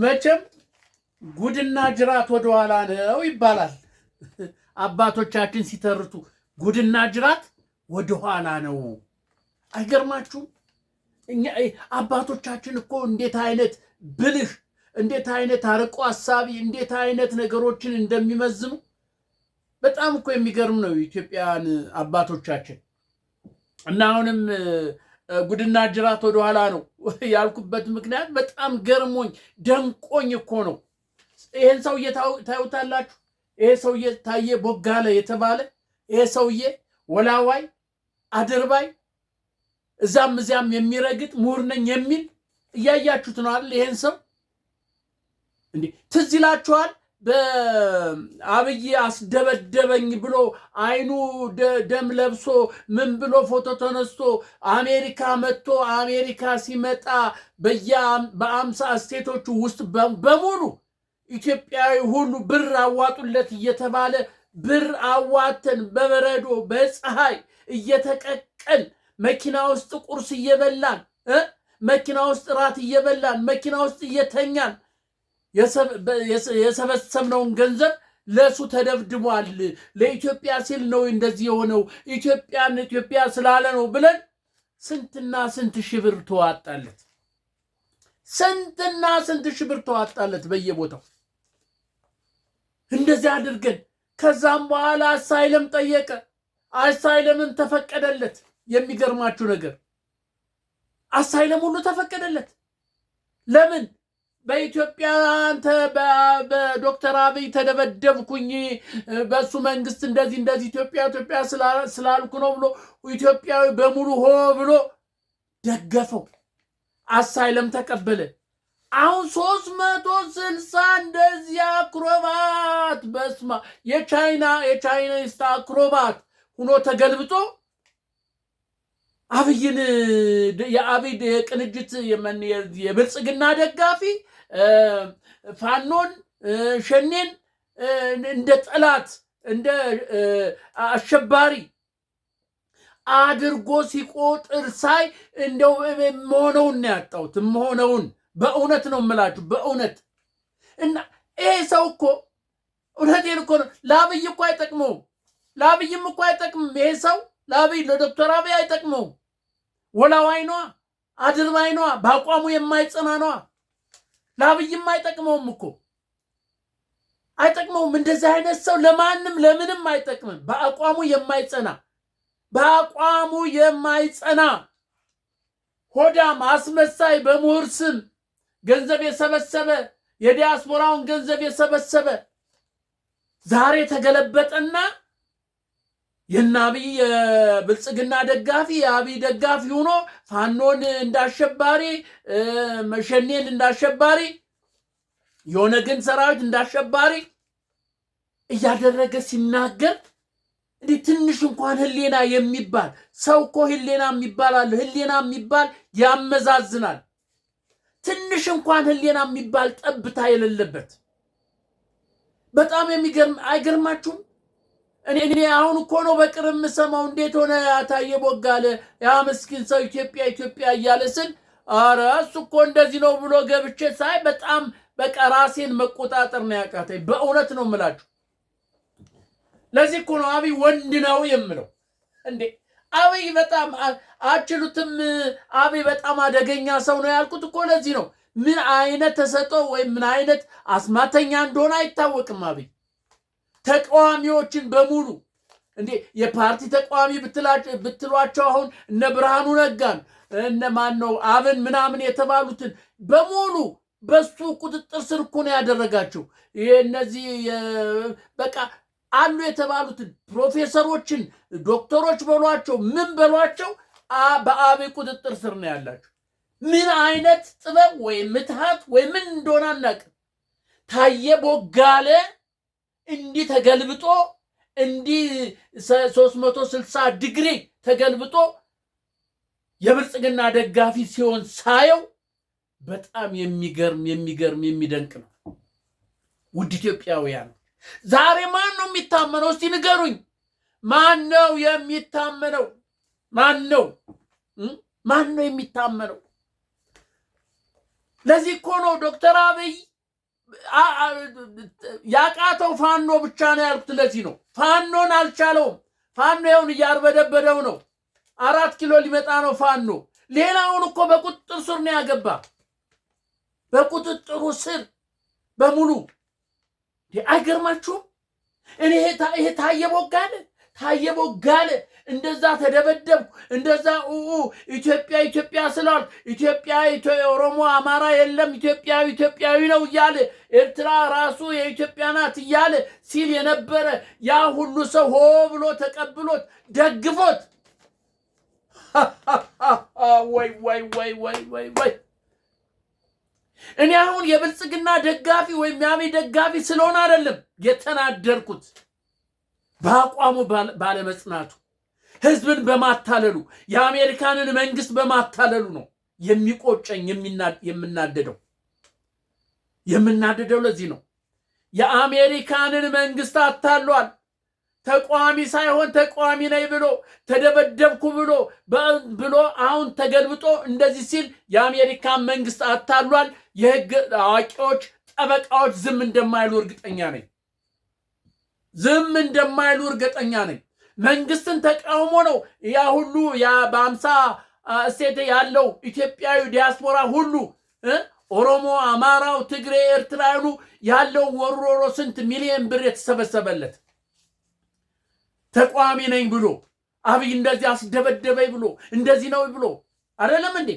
መቼም ጉድና ጅራት ወደኋላ ነው ይባላል። አባቶቻችን ሲተርቱ ጉድና ጅራት ወደኋላ ነው። አይገርማችሁም? አባቶቻችን እኮ እንዴት አይነት ብልህ እንዴት አይነት አርቆ ሀሳቢ እንዴት አይነት ነገሮችን እንደሚመዝኑ በጣም እኮ የሚገርም ነው። ኢትዮጵያውያን አባቶቻችን እና አሁንም ጉድና ጅራት ወደኋላ ነው ያልኩበት ምክንያት በጣም ገርሞኝ ደንቆኝ እኮ ነው። ይህን ሰውዬ ታዩታላችሁ። ይሄ ሰውዬ ታዬ ቦጋለ የተባለ ይሄ ሰውዬ ወላዋይ አድርባይ፣ እዛም እዚያም የሚረግጥ ምሁር ነኝ የሚል እያያችሁት ነው አይደል? ይሄን ሰው እንዴ ትዝ ይላችኋል? በአብይ አስደበደበኝ ብሎ አይኑ ደም ለብሶ ምን ብሎ ፎቶ ተነስቶ አሜሪካ መጥቶ አሜሪካ ሲመጣ በአምሳ ስቴቶቹ ውስጥ በሙሉ ኢትዮጵያዊ ሁሉ ብር አዋጡለት እየተባለ ብር አዋተን በበረዶ በፀሐይ እየተቀቀል መኪና ውስጥ ቁርስ እየበላን መኪና ውስጥ እራት እየበላን መኪና ውስጥ እየተኛን የሰበሰብነውን ገንዘብ ለእሱ ተደብድቧል፣ ለኢትዮጵያ ሲል ነው እንደዚህ የሆነው፣ ኢትዮጵያን ኢትዮጵያ ስላለ ነው ብለን ስንትና ስንት ሺህ ብር ተዋጣለት፣ ስንትና ስንት ሺህ ብር ተዋጣለት በየቦታው እንደዚህ አድርገን ከዛም በኋላ አሳይለም ጠየቀ። አሳይለምን ተፈቀደለት። የሚገርማችሁ ነገር አሳይለም ሁሉ ተፈቀደለት። ለምን በኢትዮጵያ አንተ በዶክተር አብይ ተደበደብኩኝ፣ በእሱ መንግስት እንደዚህ እንደዚህ ኢትዮጵያ ኢትዮጵያ ስላልኩ ነው ብሎ ኢትዮጵያዊ በሙሉ ሆ ብሎ ደገፈው፣ አሳይለም ተቀበለ። አሁን ሶስት መቶ ስልሳ እንደዚህ አክሮባት በስማ የቻይና የቻይኒስት አክሮባት ሁኖ ተገልብጦ አብይን የአብይ ቅንጅት የብልጽግና ደጋፊ ፋኖን ሸኔን እንደ ጠላት እንደ አሸባሪ አድርጎ ሲቆጥር ሳይ እንደው መሆነውን ነው ያጣሁት። መሆነውን በእውነት ነው የምላችሁ በእውነት እና ይሄ ሰው እኮ እውነቴን እኮ ነው ለአብይ እኮ አይጠቅመውም። ለአብይም እኮ አይጠቅምም። ይሄ ሰው ለአብይ ለዶክተር አብይ አይጠቅመውም። ወላዋይ ነዋ፣ አድርባይ በአቋሙ የማይጸና ነዋ። ለአብይም አይጠቅመውም እኮ አይጠቅመውም። እንደዚህ አይነት ሰው ለማንም ለምንም አይጠቅምም። በአቋሙ የማይጸና በአቋሙ የማይጸና ሆዳም አስመሳይ፣ በምሁር ስም ገንዘብ የሰበሰበ የዲያስፖራውን ገንዘብ የሰበሰበ ዛሬ ተገለበጠና የእነ አብይ የብልጽግና ደጋፊ የአብይ ደጋፊ ሆኖ ፋኖን እንዳሸባሪ መሸኔን እንዳሸባሪ የሆነ ግን ሰራዊት እንዳሸባሪ እያደረገ ሲናገር እንዲ ትንሽ እንኳን ህሌና የሚባል ሰው እኮ ህሌና የሚባል አለ። ህሌና የሚባል ያመዛዝናል። ትንሽ እንኳን ህሌና የሚባል ጠብታ የሌለበት በጣም የሚገርም አይገርማችሁም? እኔ አሁን እኮ ነው በቅር የምሰማው። እንዴት ሆነ ያታየ ቦጋለ ያ ምስኪን ሰው ኢትዮጵያ ኢትዮጵያ እያለ ስል አረ እሱ እኮ እንደዚህ ነው ብሎ ገብቼ ሳይ በጣም በቃ ራሴን መቆጣጠር ነው ያቃተኝ። በእውነት ነው የምላችሁ። ለዚህ እኮ ነው አብይ ወንድ ነው የምለው። እንዴ አብይ በጣም አችሉትም። አብይ በጣም አደገኛ ሰው ነው ያልኩት እኮ ለዚህ ነው። ምን አይነት ተሰጠው ወይም ምን አይነት አስማተኛ እንደሆነ አይታወቅም አብይ ተቃዋሚዎችን በሙሉ እንዴ የፓርቲ ተቃዋሚ ብትሏቸው አሁን እነ ብርሃኑ ነጋን እነ ማን ነው አብን ምናምን የተባሉትን በሙሉ በሱ ቁጥጥር ስር እኮ ነው ያደረጋቸው። እነዚህ በቃ አሉ የተባሉትን ፕሮፌሰሮችን ዶክተሮች በሏቸው ምን በሏቸው በአብ ቁጥጥር ስር ነው ያላቸው። ምን አይነት ጥበብ ወይም ምትሃት ወይ ምን እንደሆነ አናውቅም። ታየ ቦጋለ እንዲህ ተገልብጦ እንዲህ 360 ዲግሪ ተገልብጦ የብልጽግና ደጋፊ ሲሆን ሳየው በጣም የሚገርም የሚገርም የሚደንቅ ነው። ውድ ኢትዮጵያውያን ዛሬ ማን ነው የሚታመነው? እስቲ ንገሩኝ። ማን ነው የሚታመነው? ማን ነው ማን ነው የሚታመነው? ለዚህ እኮ ነው ዶክተር አብይ ያቃተው ፋኖ ብቻ ነው ያልኩት ለዚህ ነው። ፋኖን አልቻለውም። ፋኖ ይሁን እያርበደበደው ነው። አራት ኪሎ ሊመጣ ነው ፋኖ። ሌላውን እኮ በቁጥጥር ስር ነው ያገባ፣ በቁጥጥሩ ስር በሙሉ አይገርማችሁም? እኔ ይሄ ታየ ቦጋለ ታየበው ጋለ እንደዛ ተደበደብኩ፣ እንደዛ ኡኡ ኢትዮጵያ ኢትዮጵያ ስላል ኢትዮጵያ ኦሮሞ አማራ የለም ኢትዮጵያዊ ኢትዮጵያዊ ነው እያለ ኤርትራ ራሱ የኢትዮጵያ ናት እያለ ሲል የነበረ ያ ሁሉ ሰው ሆ ብሎ ተቀብሎት ደግፎት ወይ ወይ ወይ ወይ ወይ ወይ እኔ አሁን የብልጽግና ደጋፊ ወይም ያሜ ደጋፊ ስለሆነ አይደለም የተናደርኩት። በአቋሙ ባለመጽናቱ፣ ህዝብን በማታለሉ፣ የአሜሪካንን መንግስት በማታለሉ ነው የሚቆጨኝ የምናደደው። የምናደደው ለዚህ ነው። የአሜሪካንን መንግስት አታሏል። ተቋሚ ሳይሆን ተቋሚ ነኝ ብሎ ተደበደብኩ ብሎ ብሎ አሁን ተገልብጦ እንደዚህ ሲል የአሜሪካን መንግስት አታሏል። የህግ አዋቂዎች፣ ጠበቃዎች ዝም እንደማይሉ እርግጠኛ ነኝ። ዝም እንደማይሉ እርግጠኛ ነኝ። መንግስትን ተቃውሞ ነው ያ ሁሉ በአምሳ እሴት ያለው ኢትዮጵያዊ ዲያስፖራ ሁሉ ኦሮሞ፣ አማራው፣ ትግሬ፣ ኤርትራውያኑ ያለው ወሮሮ ስንት ሚሊዮን ብር የተሰበሰበለት ተቋሚ ነኝ ብሎ አብይ እንደዚህ አስደበደበኝ ብሎ እንደዚህ ነው ብሎ አይደለም እንዴ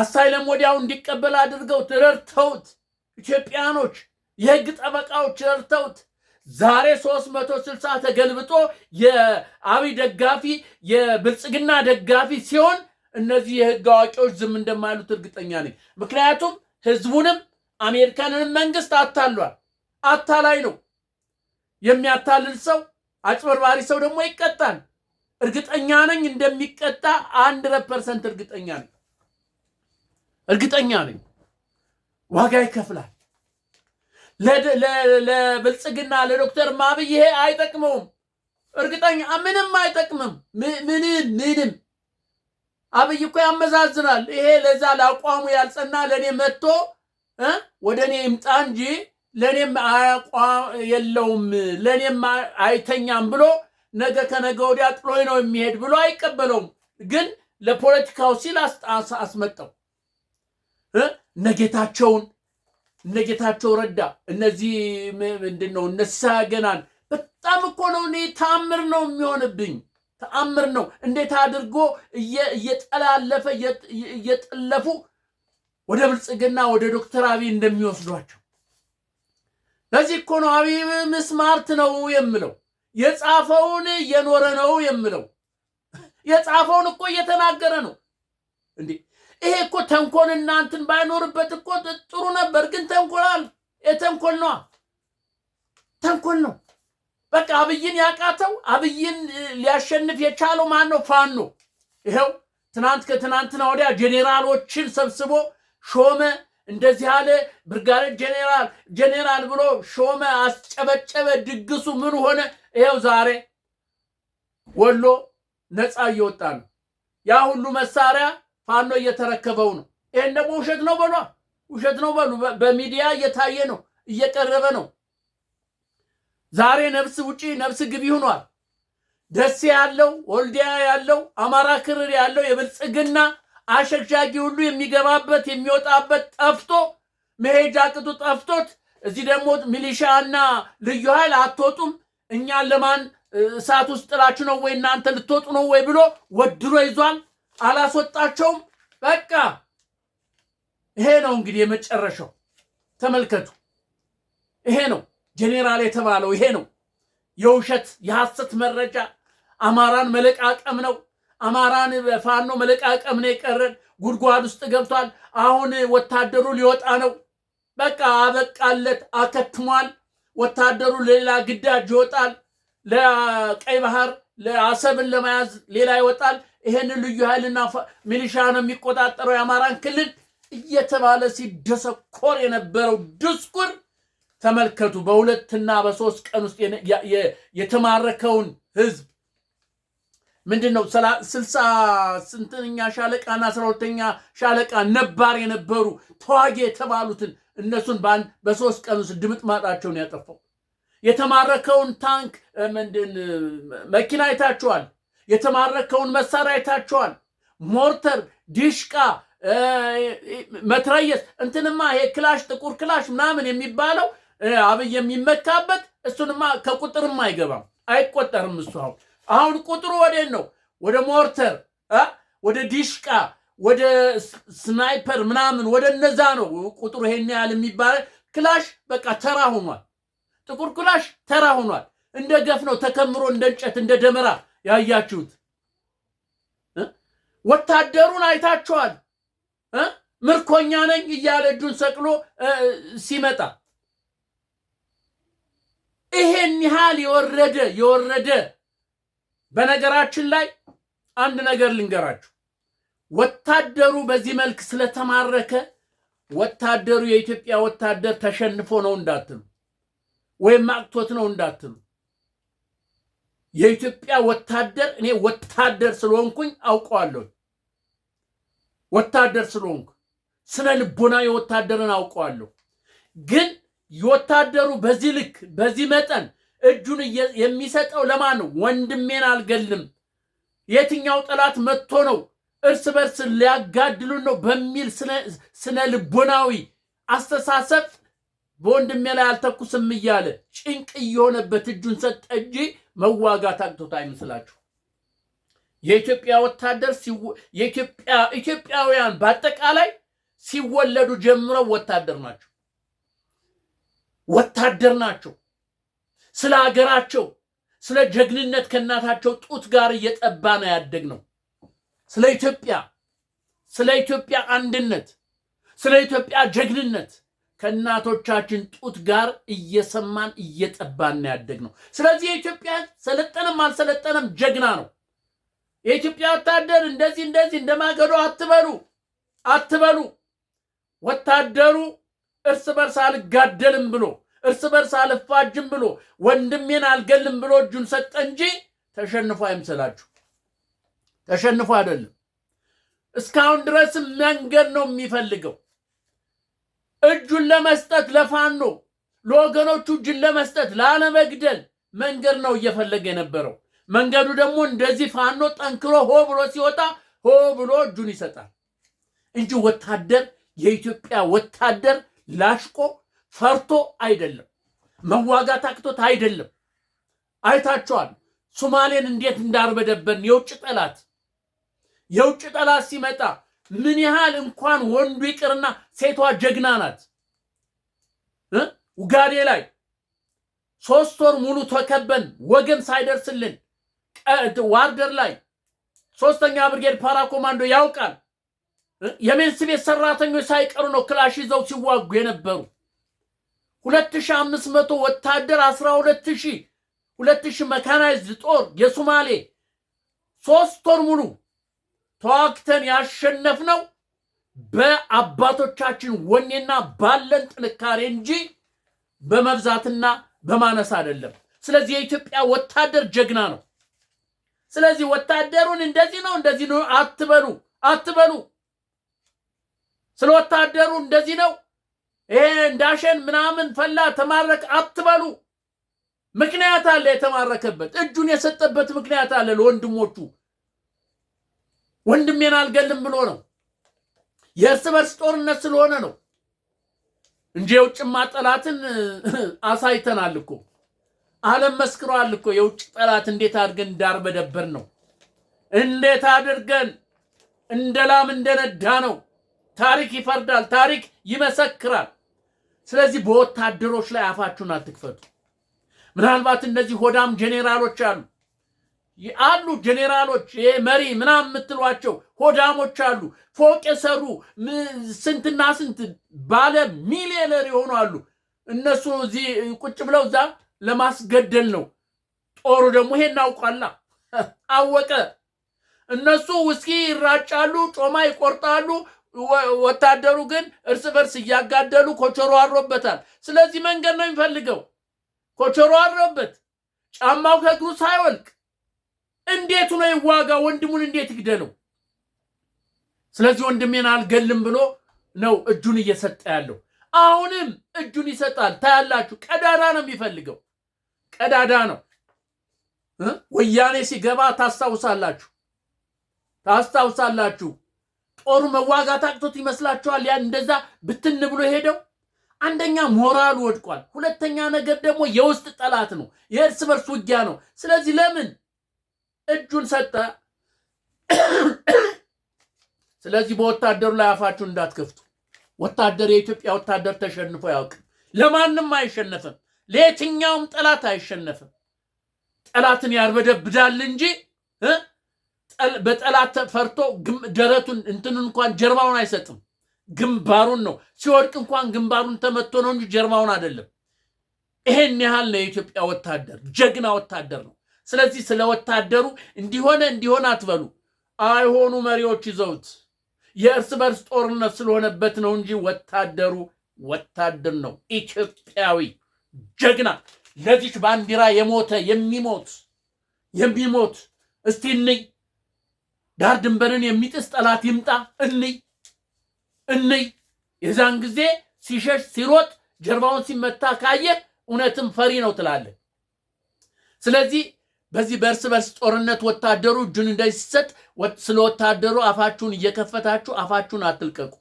አሳይለም ወዲያው እንዲቀበል አድርገውት ረድተውት ኢትዮጵያኖች የህግ ጠበቃዎች ረድተውት ዛሬ 360 ተገልብጦ የአብይ ደጋፊ የብልጽግና ደጋፊ ሲሆን እነዚህ የህግ አዋቂዎች ዝም እንደማይሉት እርግጠኛ ነኝ። ምክንያቱም ህዝቡንም አሜሪካንንም መንግስት አታሏል። አታላይ ነው። የሚያታልል ሰው አጭበርባሪ ሰው ደግሞ ይቀጣል። እርግጠኛ ነኝ እንደሚቀጣ አንድ ፐርሰንት እርግጠኛ ነኝ። እርግጠኛ ነኝ ዋጋ ይከፍላል። ለብልጽግና ለዶክተር አብይ ይሄ አይጠቅመውም። እርግጠኛ ምንም አይጠቅምም። ምንም ምንም አብይ እኮ ያመዛዝናል። ይሄ ለዛ ለአቋሙ ያልጸና ለእኔ መጥቶ ወደ እኔ ይምጣ እንጂ ለእኔም አቋም የለውም ለእኔም አይተኛም ብሎ ነገ ከነገ ወዲያ ጥሎኝ ነው የሚሄድ ብሎ አይቀበለውም። ግን ለፖለቲካው ሲል አስመጣው እነ ጌታቸውን እነ ጌታቸው ረዳ እነዚህ ምንድን ነው እነሳ ገናን በጣም እኮ ነው እኔ ተአምር ነው የሚሆንብኝ ተአምር ነው። እንዴት አድርጎ እየጠላለፈ እየጠለፉ ወደ ብልጽግና ወደ ዶክተር አብይ እንደሚወስዷቸው ለዚህ እኮ ነው አብይ ምስማርት ነው የምለው። የጻፈውን እየኖረ ነው የምለው። የጻፈውን እኮ እየተናገረ ነው እንዴ ይሄ እኮ ተንኮል እናንትን ባይኖርበት እኮ ጥሩ ነበር፣ ግን ተንኮላል። የተንኮል ነዋ፣ ተንኮል ነው። በቃ አብይን ያቃተው አብይን ሊያሸንፍ የቻለው ማን ነው? ፋኖ ይኸው ትናንት ከትናንትና ወዲያ ጄኔራሎችን ሰብስቦ ሾመ። እንደዚህ ያለ ብርጋዴር ጄኔራል ጄኔራል ብሎ ሾመ፣ አስጨበጨበ። ድግሱ ምን ሆነ? ይኸው ዛሬ ወሎ ነፃ እየወጣ ነው። ያ ሁሉ መሳሪያ ፋኖ እየተረከበው ነው። ይህን ደግሞ ውሸት ነው በሏ፣ ውሸት ነው በሉ። በሚዲያ እየታየ ነው፣ እየቀረበ ነው። ዛሬ ነፍስ ውጪ ነፍስ ግቢ ሆኗል። ደሴ ያለው ወልዲያ ያለው አማራ ክልል ያለው የብልጽግና አሸግሻጊ ሁሉ የሚገባበት የሚወጣበት ጠፍቶ መሄጃ ቅጡ ጠፍቶት፣ እዚህ ደግሞ ሚሊሻና ልዩ ኃይል አትወጡም እኛን ለማን እሳት ውስጥ ጥላችሁ ነው ወይ እናንተ ልትወጡ ነው ወይ ብሎ ወድሮ ይዟል። አላስወጣቸውም። በቃ ይሄ ነው እንግዲህ የመጨረሻው። ተመልከቱ፣ ይሄ ነው ጄኔራል የተባለው ይሄ ነው። የውሸት የሐሰት መረጃ አማራን መለቃቀም ነው። አማራን በፋኖ መለቃቀም ነው የቀረን። ጉድጓድ ውስጥ ገብቷል። አሁን ወታደሩ ሊወጣ ነው። በቃ አበቃለት፣ አከትሟል። ወታደሩ ሌላ ግዳጅ ይወጣል። ለቀይ ባህር ለአሰብን ለመያዝ ሌላ ይወጣል። ይሄን ልዩ ኃይልና ሚሊሻ ነው የሚቆጣጠረው የአማራን ክልል እየተባለ ሲደሰኮር የነበረው ድስኩር ተመልከቱ። በሁለትና በሶስት ቀን ውስጥ የተማረከውን ህዝብ ምንድን ነው ስልሳ ስንተኛ ሻለቃና አስራ ሁለተኛ ሻለቃ ነባር የነበሩ ተዋጊ የተባሉትን እነሱን በአንድ በሶስት ቀን ውስጥ ድምጥ ማጣቸውን ያጠፋው የተማረከውን ታንክ ምንድን መኪና አይታችኋል። የተማረከውን መሳሪያ አይታችኋል። ሞርተር፣ ዲሽቃ፣ መትረየስ እንትንማ ይሄ ክላሽ፣ ጥቁር ክላሽ ምናምን የሚባለው አብይ የሚመካበት እሱንማ ከቁጥርም አይገባም አይቆጠርም። እሱ አሁን አሁን ቁጥሩ ወዴት ነው? ወደ ሞርተር፣ ወደ ዲሽቃ፣ ወደ ስናይፐር ምናምን ወደ እነዛ ነው ቁጥሩ ይሄን ያህል የሚባለ ክላሽ በቃ ተራ ሆኗል። ጥቁር ክላሽ ተራ ሆኗል። እንደ ገፍ ነው ተከምሮ እንደ እንጨት እንደ ደመራ ያያችሁት። ወታደሩን አይታችኋል። ምርኮኛ ነኝ እያለ እጁን ሰቅሎ ሲመጣ ይሄን ያህል የወረደ የወረደ። በነገራችን ላይ አንድ ነገር ልንገራችሁ፣ ወታደሩ በዚህ መልክ ስለተማረከ ወታደሩ የኢትዮጵያ ወታደር ተሸንፎ ነው እንዳትሉ፣ ወይም አቅቶት ነው እንዳትሉ የኢትዮጵያ ወታደር እኔ ወታደር ስለሆንኩኝ አውቀዋለሁ። ወታደር ስለሆንኩ ስነ ልቦና የወታደርን አውቀዋለሁ። ግን የወታደሩ በዚህ ልክ በዚህ መጠን እጁን የሚሰጠው ለማን ነው? ወንድሜን አልገልም፣ የትኛው ጠላት መጥቶ ነው እርስ በርስ ሊያጋድሉን ነው በሚል ስነ ልቦናዊ አስተሳሰብ በወንድሜ ላይ አልተኩስም እያለ ጭንቅ እየሆነበት እጁን ሰጠ እንጂ መዋጋት አቅቶት አይምስላችሁ። የኢትዮጵያ ወታደር ኢትዮጵያውያን በአጠቃላይ ሲወለዱ ጀምረው ወታደር ናቸው፣ ወታደር ናቸው። ስለ ሀገራቸው ስለ ጀግንነት ከእናታቸው ጡት ጋር እየጠባ ነው ያደግ ነው። ስለ ኢትዮጵያ ስለ ኢትዮጵያ አንድነት ስለ ኢትዮጵያ ጀግንነት ከእናቶቻችን ጡት ጋር እየሰማን እየጠባን ያደግ ነው። ስለዚህ የኢትዮጵያ ሰለጠነም አልሰለጠነም ጀግና ነው። የኢትዮጵያ ወታደር እንደዚህ እንደዚህ እንደማገዶ አትበሉ አትበሉ። ወታደሩ እርስ በርስ አልጋደልም ብሎ እርስ በርስ አልፋጅም ብሎ ወንድሜን አልገልም ብሎ እጁን ሰጠ እንጂ ተሸንፎ አይምሰላችሁ። ተሸንፎ አይደለም። እስካሁን ድረስም መንገድ ነው የሚፈልገው እጁን ለመስጠት ለፋኖ ለወገኖቹ እጁን ለመስጠት ላለመግደል መንገድ ነው እየፈለገ የነበረው። መንገዱ ደግሞ እንደዚህ ፋኖ ጠንክሮ ሆ ብሎ ሲወጣ ሆ ብሎ እጁን ይሰጣል እንጂ ወታደር የኢትዮጵያ ወታደር ላሽቆ ፈርቶ አይደለም፣ መዋጋት አቅቶት አይደለም። አይታችኋል ሱማሌን እንዴት እንዳርበደበን የውጭ ጠላት የውጭ ጠላት ሲመጣ ምን ያህል እንኳን ወንዱ ይቅርና ሴቷ ጀግና ናት። ውጋዴ ላይ ሶስት ወር ሙሉ ተከበን ወገን ሳይደርስልን ዋርደር ላይ ሶስተኛ ብርጌድ ፓራ ኮማንዶ ያውቃል። የሜንስ ቤት ሰራተኞች ሳይቀሩ ነው ክላሽ ይዘው ሲዋጉ የነበሩ ሁለት ሺህ አምስት ወታደር አስራ ሁለት መካናይዝድ ጦር የሱማሌ ሶስት ወር ሙሉ ተዋግተን ያሸነፍነው በአባቶቻችን ወኔና ባለን ጥንካሬ እንጂ በመብዛትና በማነስ አይደለም። ስለዚህ የኢትዮጵያ ወታደር ጀግና ነው። ስለዚህ ወታደሩን እንደዚህ ነው እንደዚህ ነው አትበሉ አትበሉ። ስለ ወታደሩ እንደዚህ ነው ይሄ እንዳሸን ምናምን ፈላ ተማረክ አትበሉ። ምክንያት አለ። የተማረከበት እጁን የሰጠበት ምክንያት አለ ለወንድሞቹ ወንድሜን አልገልም ብሎ ነው። የእርስ በርስ ጦርነት ስለሆነ ነው እንጂ የውጭማ ጠላትን አሳይተናል እኮ ዓለም መስክሯል እኮ የውጭ ጠላት እንዴት አድርገን ዳር በደበር ነው እንዴት አድርገን እንደ ላም እንደነዳ ነው። ታሪክ ይፈርዳል፣ ታሪክ ይመሰክራል። ስለዚህ በወታደሮች ላይ አፋችሁን አትክፈቱ። ምናልባት እነዚህ ሆዳም ጄኔራሎች አሉ አሉ ጄኔራሎች፣ መሪ ምናምን የምትሏቸው ሆዳሞች አሉ። ፎቅ የሰሩ ስንትና ስንት ባለ ሚሊዮነር የሆኑ አሉ። እነሱ እዚህ ቁጭ ብለው እዛ ለማስገደል ነው። ጦሩ ደግሞ ይሄ እናውቋላ አወቀ። እነሱ ውስኪ ይራጫሉ፣ ጮማ ይቆርጣሉ። ወታደሩ ግን እርስ በርስ እያጋደሉ ኮቸሮ አድሮበታል። ስለዚህ መንገድ ነው የሚፈልገው። ኮቸሮ አድሮበት ጫማው ከእግሩ ሳይወልቅ እንዴት ነው ይዋጋ? ወንድሙን እንዴት ይግደለው? ስለዚህ ወንድሜን አልገልም ብሎ ነው እጁን እየሰጠ ያለው። አሁንም እጁን ይሰጣል። ታያላችሁ። ቀዳዳ ነው የሚፈልገው፣ ቀዳዳ ነው። ወያኔ ሲገባ ታስታውሳላችሁ፣ ታስታውሳላችሁ። ጦሩ መዋጋት አቅቶት ይመስላችኋል? ያ እንደዛ ብትን ብሎ ሄደው አንደኛ ሞራሉ ወድቋል። ሁለተኛ ነገር ደግሞ የውስጥ ጠላት ነው፣ የእርስ በርስ ውጊያ ነው። ስለዚህ ለምን እጁን ሰጠ። ስለዚህ በወታደሩ ላይ አፋችሁን እንዳትከፍቱ። ወታደር የኢትዮጵያ ወታደር ተሸንፎ አያውቅም። ለማንም አይሸነፍም። ለየትኛውም ጠላት አይሸነፍም። ጠላትን ያርበደብዳል እንጂ በጠላት ፈርቶ ደረቱን እንትን እንኳን ጀርባውን አይሰጥም። ግንባሩን ነው ሲወድቅ እንኳን ግንባሩን ተመቶ ነው እንጂ ጀርባውን አይደለም። ይሄን ያህል ነው የኢትዮጵያ ወታደር፣ ጀግና ወታደር ነው። ስለዚህ ስለ ወታደሩ እንዲሆነ እንዲሆን አትበሉ። አይሆኑ መሪዎች ይዘውት የእርስ በርስ ጦርነት ስለሆነበት ነው እንጂ ወታደሩ ወታደር ነው። ኢትዮጵያዊ ጀግና ለዚች ባንዲራ የሞተ የሚሞት የሚሞት እስቲ እንይ። ዳር ድንበርን የሚጥስ ጠላት ይምጣ እንይ እንይ። የዛን ጊዜ ሲሸሽ ሲሮጥ ጀርባውን ሲመታ ካየ እውነትም ፈሪ ነው ትላለን። ስለዚህ በዚህ በእርስ በርስ ጦርነት ወታደሩ እጁን እንዳይሰጥ ሲሰጥ ስለ ወታደሩ አፋችሁን እየከፈታችሁ አፋችሁን አትልቀቁ፣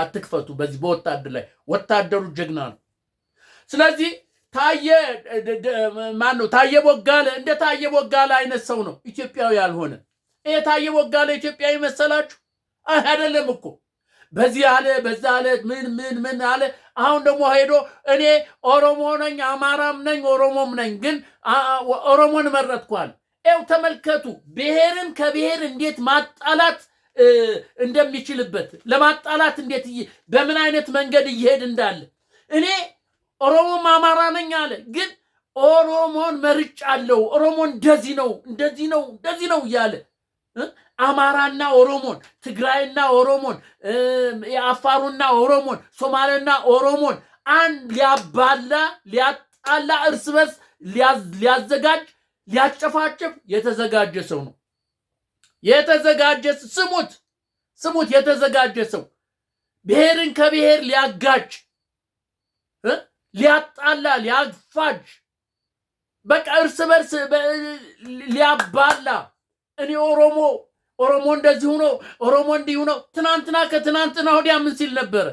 አትክፈቱ። በዚህ በወታደር ላይ ወታደሩ ጀግና ነው። ስለዚህ ታየ ማን ነው? ታየ ቦጋለ እንደ ታየ ቦጋለ አይነት ሰው ነው ኢትዮጵያዊ ያልሆነ። ይሄ ታየ ቦጋለ ኢትዮጵያዊ መሰላችሁ? አይደለም እኮ በዚህ አለ በዛ አለ ምን ምን ምን አለ። አሁን ደግሞ ሄዶ እኔ ኦሮሞ ነኝ አማራም ነኝ ኦሮሞም ነኝ ግን ኦሮሞን መረጥኳል። ው ተመልከቱ ብሔርን ከብሔር እንዴት ማጣላት እንደሚችልበት ለማጣላት እንዴት በምን አይነት መንገድ እየሄድ እንዳለ እኔ ኦሮሞም አማራ ነኝ አለ ግን ኦሮሞን መርጫ አለው ኦሮሞ እንደዚህ ነው እንደዚህ ነው እንደዚህ ነው እያለ አማራና ኦሮሞን፣ ትግራይና ኦሮሞን፣ የአፋሩና ኦሮሞን፣ ሶማሌና ኦሮሞን አንድ ሊያባላ ሊያጣላ እርስ በርስ ሊያዘጋጅ ሊያጨፋጭፍ የተዘጋጀ ሰው ነው። የተዘጋጀ ስሙት ስሙት፣ የተዘጋጀ ሰው ብሔርን ከብሔር ሊያጋጅ ሊያጣላ ሊያፋጅ በቃ እርስ በርስ ሊያባላ እኔ ኦሮሞ ኦሮሞ እንደዚህ ነው፣ ኦሮሞ እንዲህ ነው። ትናንትና ከትናንትና ወዲያ ምን ሲል ነበረ?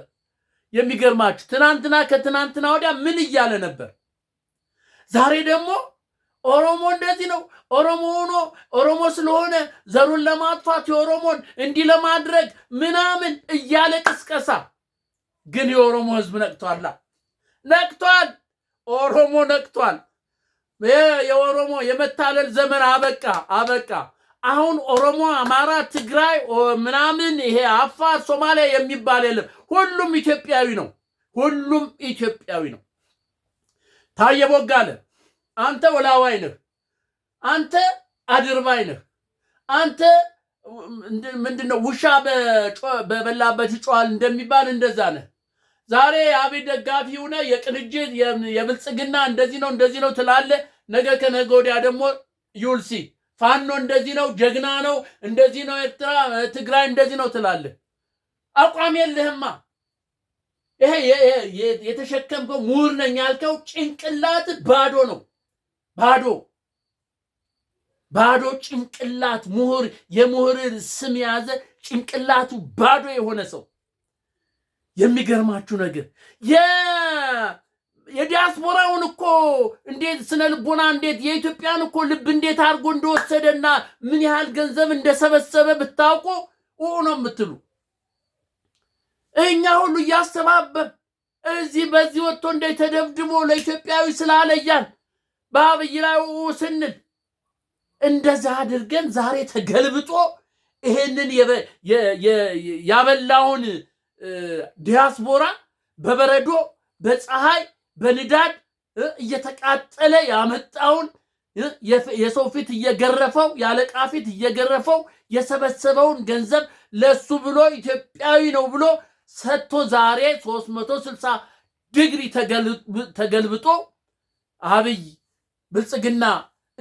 የሚገርማችሁ ትናንትና ከትናንትና ወዲያ ምን እያለ ነበር? ዛሬ ደግሞ ኦሮሞ እንደዚህ ነው፣ ኦሮሞ ሆኖ ኦሮሞ ስለሆነ ዘሩን ለማጥፋት የኦሮሞን እንዲህ ለማድረግ ምናምን እያለ ቅስቀሳ። ግን የኦሮሞ ህዝብ ነቅቷላ፣ ነቅቷል። ኦሮሞ ነቅቷል። የኦሮሞ የመታለል ዘመን አበቃ፣ አበቃ። አሁን ኦሮሞ፣ አማራ፣ ትግራይ ምናምን ይሄ አፋር፣ ሶማሊያ የሚባል የለም። ሁሉም ኢትዮጵያዊ ነው። ሁሉም ኢትዮጵያዊ ነው። ታየ ቦጋለ አንተ ወላዋይ ነህ፣ አንተ አድርባይ ነህ፣ አንተ ምንድነው ውሻ በበላበት ይጮሃል እንደሚባል እንደዛ ነህ። ዛሬ የአብይ ደጋፊ ሆነ የቅንጅት የብልጽግና እንደዚህ ነው እንደዚህ ነው ትላለህ። ነገ ከነገ ወዲያ ደግሞ ዩልሲ ፋኖ እንደዚህ ነው፣ ጀግና ነው፣ እንደዚህ ነው፣ ኤርትራ ትግራይ እንደዚህ ነው ትላለህ። አቋም የለህማ። ይሄ የተሸከምከው ምሁር ነኝ ያልከው ጭንቅላት ባዶ ነው። ባዶ ባዶ ጭንቅላት ምሁር የምሁር ስም የያዘ ጭንቅላቱ ባዶ የሆነ ሰው የሚገርማችሁ ነገር የዲያስፖራውን እኮ እንዴት ስነ ልቦና እንዴት የኢትዮጵያን እኮ ልብ እንዴት አድርጎ እንደወሰደና ምን ያህል ገንዘብ እንደሰበሰበ ብታውቁ ኡ ነው የምትሉ። እኛ ሁሉ እያስተባበር እዚህ በዚህ ወጥቶ እንደ ተደብድቦ ለኢትዮጵያዊ ስላለያን በአብይ ላይ ስንል እንደዛ አድርገን ዛሬ ተገልብጦ ይሄንን ያበላውን ዲያስፖራ በበረዶ በፀሐይ በንዳድ እየተቃጠለ ያመጣውን የሰው ፊት እየገረፈው የአለቃ ፊት እየገረፈው የሰበሰበውን ገንዘብ ለሱ ብሎ ኢትዮጵያዊ ነው ብሎ ሰጥቶ ዛሬ 360 ዲግሪ ተገልብጦ አብይ ብልጽግና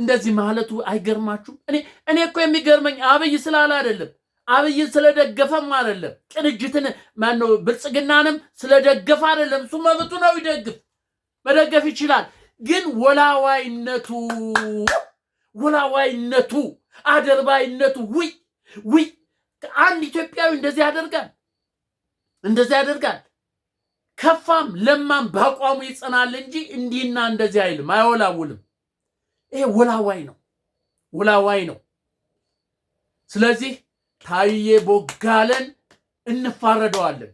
እንደዚህ ማለቱ አይገርማችሁም? እኔ እኔ እኮ የሚገርመኝ አብይ ስላለ አይደለም አብይን ስለደገፈም አይደለም ቅንጅትን ማነው ብልጽግናንም ስለደገፈ አይደለም። እሱ መብቱ ነው ይደግፍ። መደገፍ ይችላል። ግን ወላዋይነቱ ወላዋይነቱ አደርባይነቱ ውይ ውይ አንድ ኢትዮጵያዊ እንደዚህ ያደርጋል እንደዚህ ያደርጋል። ከፋም ለማም በአቋሙ ይጸናል እንጂ እንዲህና እንደዚህ አይልም፣ አይወላውልም። ይሄ ወላዋይ ነው፣ ወላዋይ ነው። ስለዚህ ታዬ ቦጋለን እንፋረደዋለን፣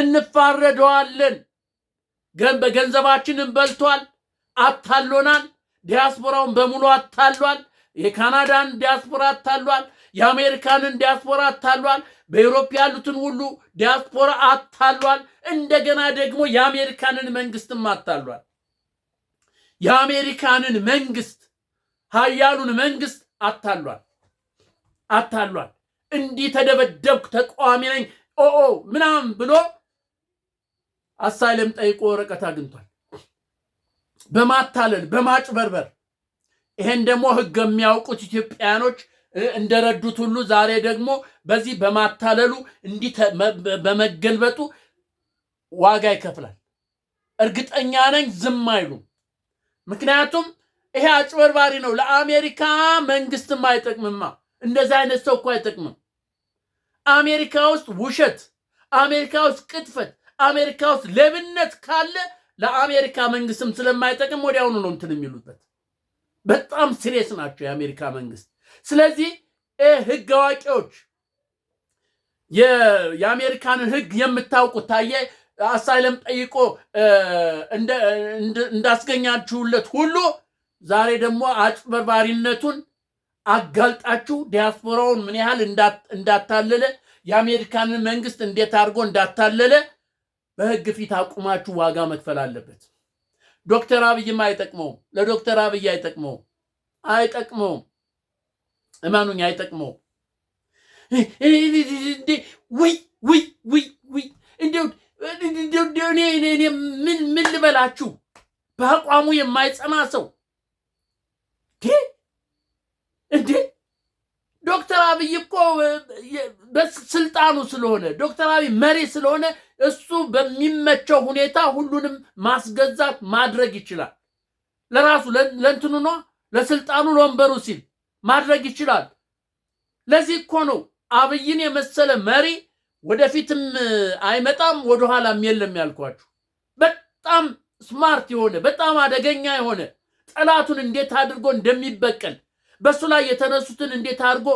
እንፋረደዋለን። በገንዘባችንን በልቷል፣ አታሎናል። ዲያስፖራውን በሙሉ አታሏል። የካናዳን ዲያስፖራ አታሏል። የአሜሪካንን ዲያስፖራ አታሏል። በኤሮፕ ያሉትን ሁሉ ዲያስፖራ አታሏል። እንደገና ደግሞ የአሜሪካንን መንግስትም አታሏል። የአሜሪካንን መንግስት ሀያሉን መንግስት አታሏል አታሏል። እንዲህ ተደበደብኩ ተቃዋሚ ነኝ ኦ ምናምን ብሎ አሳይለም ጠይቆ ወረቀት አግኝቷል። በማታለል በማጭበርበር ይሄን ደግሞ ህግ የሚያውቁት ኢትዮጵያኖች እንደረዱት ሁሉ ዛሬ ደግሞ በዚህ በማታለሉ እንዲህ በመገልበጡ ዋጋ ይከፍላል። እርግጠኛ ነኝ ዝም አይሉ። ምክንያቱም ይሄ አጭበርባሪ ነው። ለአሜሪካ መንግስትም አይጠቅምማ። እንደዚህ አይነት ሰው እኮ አይጠቅምም። አሜሪካ ውስጥ ውሸት፣ አሜሪካ ውስጥ ቅጥፈት አሜሪካ ውስጥ ሌብነት ካለ ለአሜሪካ መንግስትም ስለማይጠቅም ወዲያውኑ ነው እንትን የሚሉበት። በጣም ሲሬስ ናቸው የአሜሪካ መንግስት። ስለዚህ ህግ አዋቂዎች የአሜሪካንን ህግ የምታውቁት ታየ አሳይለም ጠይቆ እንዳስገኛችሁለት ሁሉ ዛሬ ደግሞ አጭበርባሪነቱን አጋልጣችሁ ዲያስፖራውን ምን ያህል እንዳታለለ የአሜሪካንን መንግስት እንዴት አድርጎ እንዳታለለ በህግ ፊት አቁማችሁ ዋጋ መክፈል አለበት። ዶክተር አብይም አይጠቅመውም፣ ለዶክተር አብይ አይጠቅመውም፣ አይጠቅመውም፣ እመኑኝ አይጠቅመውም። እኔ ምን ምን ልበላችሁ በአቋሙ የማይጸና ሰው እንዴ ዶክተር አብይ እኮ በስልጣኑ ስለሆነ ዶክተር አብይ መሪ ስለሆነ እሱ በሚመቸው ሁኔታ ሁሉንም ማስገዛት ማድረግ ይችላል። ለራሱ ለእንትኑ ነ ለስልጣኑ ለወንበሩ ሲል ማድረግ ይችላል። ለዚህ እኮ ነው አብይን የመሰለ መሪ ወደፊትም አይመጣም ወደኋላም የለም ያልኳችሁ። በጣም ስማርት የሆነ በጣም አደገኛ የሆነ ጠላቱን እንዴት አድርጎ እንደሚበቀል በእሱ ላይ የተነሱትን እንዴት አድርጎ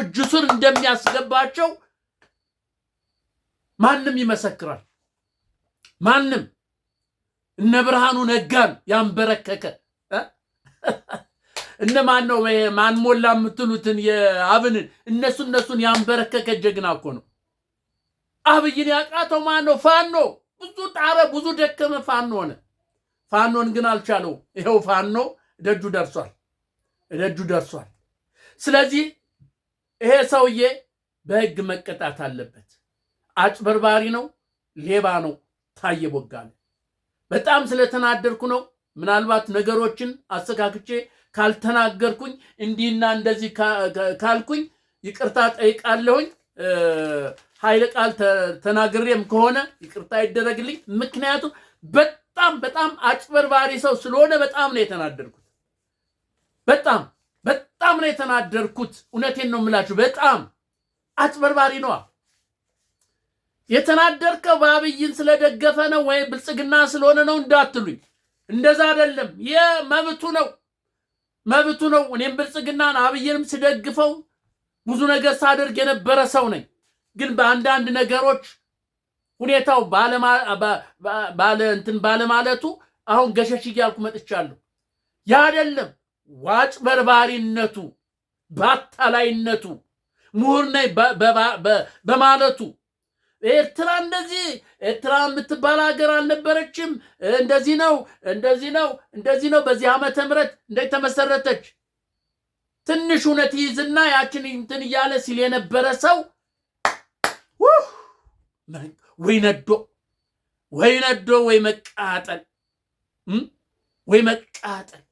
እጁ ስር እንደሚያስገባቸው ማንም ይመሰክራል። ማንም እነ ብርሃኑ ነጋን ያንበረከከ እነ ማን ነው ማን ሞላ የምትሉትን የአብንን እነሱ እነሱን ያንበረከከ ጀግና እኮ ነው። አብይን ያቃተው ማን ነው? ፋኖ ብዙ ጣረ፣ ብዙ ደከመ፣ ፋኖ ሆነ። ፋኖን ግን አልቻለው። ይኸው ፋኖ ደጁ ደርሷል። እጁ ደርሷል። ስለዚህ ይሄ ሰውዬ በህግ መቀጣት አለበት። አጭበርባሪ ነው፣ ሌባ ነው። ታየ ቦጋለ በጣም ስለተናደርኩ ነው። ምናልባት ነገሮችን አስተካክቼ ካልተናገርኩኝ እንዲህና እንደዚህ ካልኩኝ ይቅርታ ጠይቃለሁኝ። ኃይለ ቃል ተናግሬም ከሆነ ይቅርታ ይደረግልኝ። ምክንያቱም በጣም በጣም አጭበርባሪ ሰው ስለሆነ በጣም ነው የተናደርኩ። በጣም በጣም ነው የተናደርኩት። እውነቴን ነው የምላችሁ። በጣም አጭበርባሪ ነዋ። የተናደርከው በአብይን ስለደገፈ ነው ወይም ብልጽግና ስለሆነ ነው እንዳትሉኝ፣ እንደዛ አይደለም። የመብቱ ነው መብቱ ነው። እኔም ብልጽግናን አብይንም ስደግፈው ብዙ ነገር ሳደርግ የነበረ ሰው ነኝ። ግን በአንዳንድ ነገሮች ሁኔታው ባለ እንትን ባለማለቱ አሁን ገሸሽ እያልኩ መጥቻለሁ። ያ አይደለም ዋጭ በርባሪነቱ በአታላይነቱ ምሁር ነኝ በማለቱ ኤርትራ እንደዚህ ኤርትራ የምትባል ሀገር አልነበረችም። እንደዚህ ነው እንደዚህ ነው እንደዚህ ነው። በዚህ ዓመተ ምህረት እንደተመሰረተች ትንሽ እውነት ይዝና ያችን እንትን እያለ ሲል የነበረ ሰው ወይ ነዶ ወይ ነዶ ወይ መቃጠል ወይ መቃጠል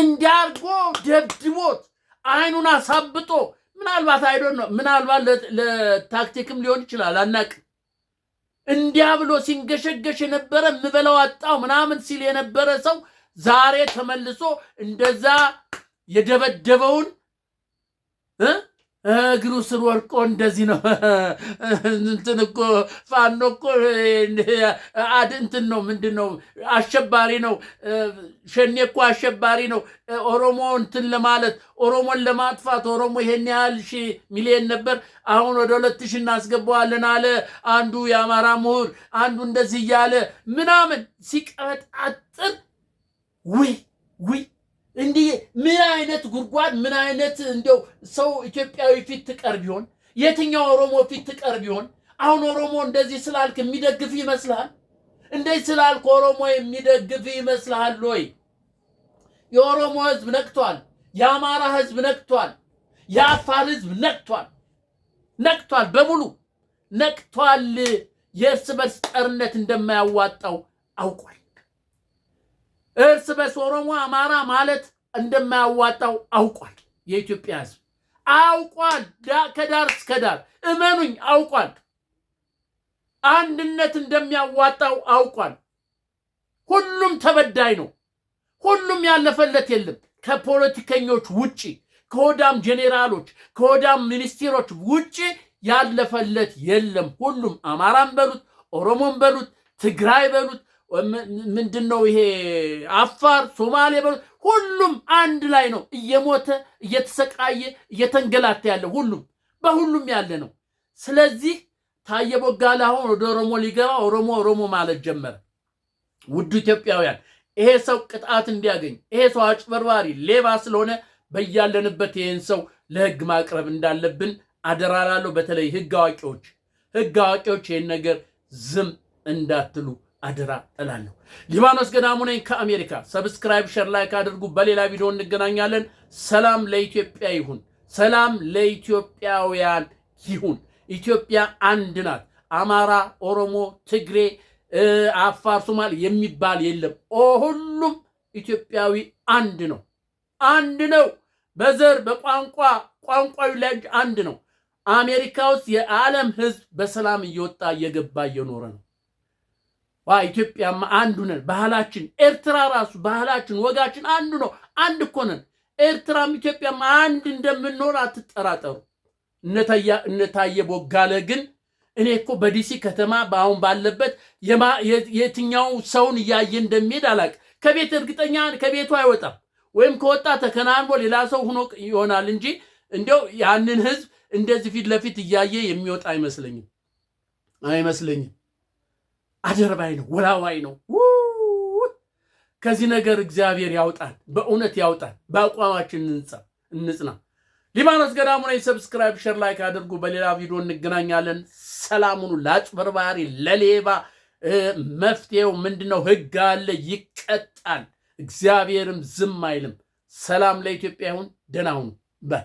እንዲያርጎ ደብድቦት አይኑን አሳብጦ ምናልባት አይዶ ነው ምናልባት ለታክቲክም ሊሆን ይችላል አናቅም። እንዲያ ብሎ ሲንገሸገሽ የነበረ ምበለው አጣው ምናምን ሲል የነበረ ሰው ዛሬ ተመልሶ እንደዛ የደበደበውን እግሩ ስር ወርቆ እንደዚህ ነው። እንትን እኮ ፋኖ እኮ አድንትን ነው ምንድን ነው አሸባሪ ነው። ሸኔ እኮ አሸባሪ ነው። ኦሮሞ እንትን ለማለት ኦሮሞን ለማጥፋት ኦሮሞ ይሄን ያህል ሺ ሚሊዮን ነበር፣ አሁን ወደ ሁለት ሺ እናስገባዋለን አለ አንዱ የአማራ ምሁር፣ አንዱ እንደዚህ እያለ ምናምን ሲቀበጣጥር ውይ ውይ እንዲህ ምን አይነት ጉድጓድ ምን አይነት እንደው ሰው ኢትዮጵያዊ ፊት ትቀር ቢሆን የትኛው ኦሮሞ ፊት ትቀር ቢሆን አሁን ኦሮሞ እንደዚህ ስላልክ የሚደግፍ ይመስልሃል? እንደዚህ ስላልክ ኦሮሞ የሚደግፍ ይመስልሃል ወይ? የኦሮሞ ህዝብ ነቅቷል። የአማራ ህዝብ ነቅቷል። የአፋር ህዝብ ነቅቷል። ነቅቷል፣ በሙሉ ነቅቷል። የእርስ በርስ ጠርነት እንደማያዋጣው አውቋል። እርስ በርስ ኦሮሞ አማራ ማለት እንደማያዋጣው አውቋል። የኢትዮጵያ ህዝብ አውቋል። ከዳር እስከ ዳር እመኑኝ አውቋል። አንድነት እንደሚያዋጣው አውቋል። ሁሉም ተበዳይ ነው። ሁሉም ያለፈለት የለም ከፖለቲከኞች ውጪ ከሆዳም ጄኔራሎች ከሆዳም ሚኒስቴሮች ውጪ ያለፈለት የለም። ሁሉም አማራም በሉት ኦሮሞን በሉት ትግራይ በሉት ምንድን ነው ይሄ አፋር፣ ሶማሌ ሁሉም አንድ ላይ ነው እየሞተ እየተሰቃየ እየተንገላተ ያለ ሁሉም በሁሉም ያለ ነው። ስለዚህ ታየ ቦጋለ አሁን ወደ ኦሮሞ ሊገባ ኦሮሞ ኦሮሞ ማለት ጀመረ። ውዱ ኢትዮጵያውያን ይሄ ሰው ቅጣት እንዲያገኝ ይሄ ሰው አጭበርባሪ ሌባ ስለሆነ በያለንበት ይህን ሰው ለህግ ማቅረብ እንዳለብን አደራላለሁ በተለይ ህግ አዋቂዎች ህግ አዋቂዎች ይህን ነገር ዝም እንዳትሉ አደራ እላለሁ። ሊባኖስ ገዳሙ ነኝ ከአሜሪካ። ሰብስክራይብ፣ ሸር፣ ላይክ አድርጉ። በሌላ ቪዲዮ እንገናኛለን። ሰላም ለኢትዮጵያ ይሁን። ሰላም ለኢትዮጵያውያን ይሁን። ኢትዮጵያ አንድ ናት። አማራ፣ ኦሮሞ፣ ትግሬ፣ አፋር፣ ሶማሌ የሚባል የለም። ሁሉም ኢትዮጵያዊ አንድ ነው። አንድ ነው። በዘር በቋንቋ ቋንቋዊ ላይ አንድ ነው። አሜሪካ ውስጥ የዓለም ሕዝብ በሰላም እየወጣ እየገባ እየኖረ ነው። ኢትዮጵያማ አንዱ ነን። ባህላችን ኤርትራ ራሱ ባህላችን ወጋችን አንዱ ነው። አንድ እኮ ነን። ኤርትራም ኢትዮጵያም አንድ እንደምንሆን አትጠራጠሩ። እነታየ ቦጋለ ግን እኔ እኮ በዲሲ ከተማ በአሁን ባለበት የትኛው ሰውን እያየ እንደሚሄድ አላቅ። ከቤት እርግጠኛ ከቤቱ አይወጣም፣ ወይም ከወጣ ተከናንቦ ሌላ ሰው ሆኖ ይሆናል እንጂ እንዲው ያንን ህዝብ እንደዚህ ፊት ለፊት እያየ የሚወጣ አይመስለኝም አይመስለኝም። አደርባይ ነው፣ ወላዋይ ነው። ከዚህ ነገር እግዚአብሔር ያውጣን፣ በእውነት ያውጣን። በአቋማችን እንጽና። ሊባኖስ ገዳሙ ላይ ሰብስክራይብ፣ ሸር፣ ላይክ አድርጉ። በሌላ ቪዲዮ እንገናኛለን። ሰላሙኑ ለአጭበርባሪ ለሌባ መፍትሄው ምንድነው? ህግ አለ፣ ይቀጣል። እግዚአብሔርም ዝም አይልም። ሰላም ለኢትዮጵያ ይሁን። ደህና ሁኑ በ